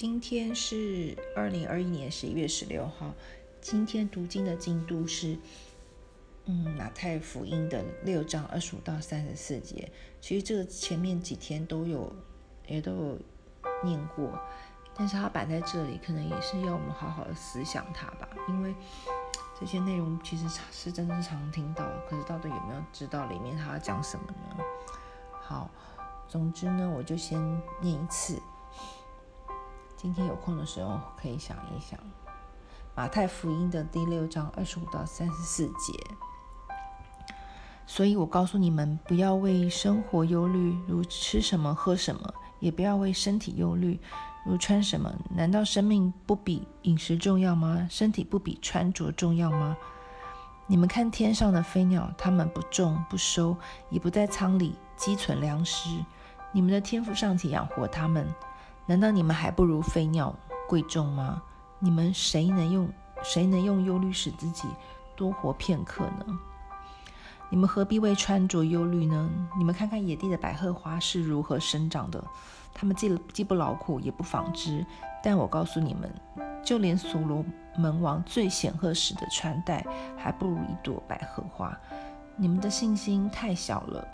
今天是二零二一年十一月十六號。今天讀經的進度是，嗯，馬太福音的六章二十五到三十四節。其實這個前面幾天都有，也都有念過，但是它擺在這裡，可能也是要我們好好的思想它吧。因為這些內容其實是真的是常聽到，可是到底有沒有知道裡面它要講什麼呢？好，總之呢，我就先念一次。今天有空的時候，可以想一想《馬太福音》的第六章二十五到三十四節。所以我告訴你們，不要為生活憂慮，如吃什麼、喝什麼；也不要為身體憂慮，如穿什麼。難道生命不比飲食重要嗎？身體不比穿着重要嗎？你們看天上的飛鳥，它們不種、不收，也不在倉裡積存糧食，你們的天父尚且養活它們。難道你們還不如飛鳥貴重嗎？你們誰能用誰能用憂慮使自己多活片刻呢？你們何必為穿着憂慮呢？你們看看野地的百合花是如何生長的，它們既既不勞苦也不紡織。但我告訴你們，就連所羅門王最顯赫時的穿戴，還不如一朵百合花。你們的信心太小了。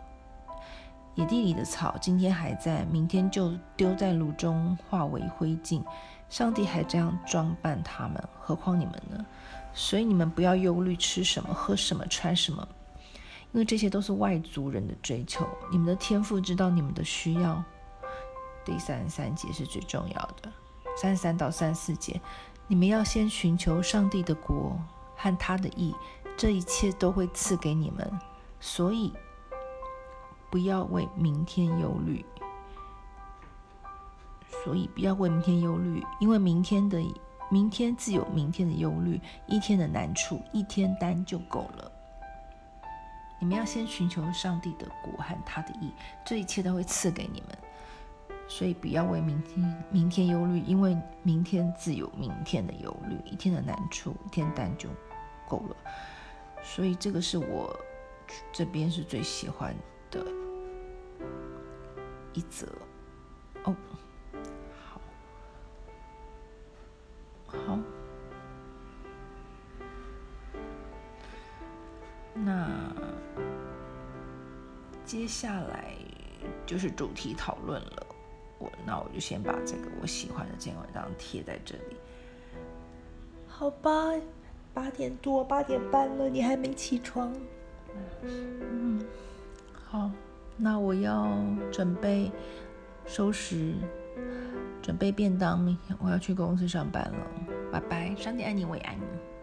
野地裡的草，今天還在，明天就丟在爐中化為灰燼。上帝還這樣裝扮他們，何況你們呢？所以你們不要憂慮吃什麼、喝什麼、穿什麼，因為這些都是外族人的追求。你們的天父知道你們的需要。第三十三節是最重要的，三十三到三十四節，你們要先尋求上帝的國和他的義，這一切都會賜給你們。所以。不要為明天憂慮，所以不要為明天憂慮，因為明天的明天自有明天的憂慮，一天的難處，一天擔就夠了。你們要先尋求上帝的國和他的義，這一切都會賜給你們。所以不要為明天明天憂慮，因為明天自有明天的憂慮，一天的難處，一天擔就夠了。所以這個是我這邊是最喜歡的。一則哦，好，好，好，那接下來就是主題討論了我，我那我就先把這個我喜歡的這篇文章貼在這裡，好吧？八點多，八點半了，你還沒起床？嗯，嗯，好。那我要準備收拾，準備便當，我要去公司上班了，拜拜，上帝愛你，我也愛你。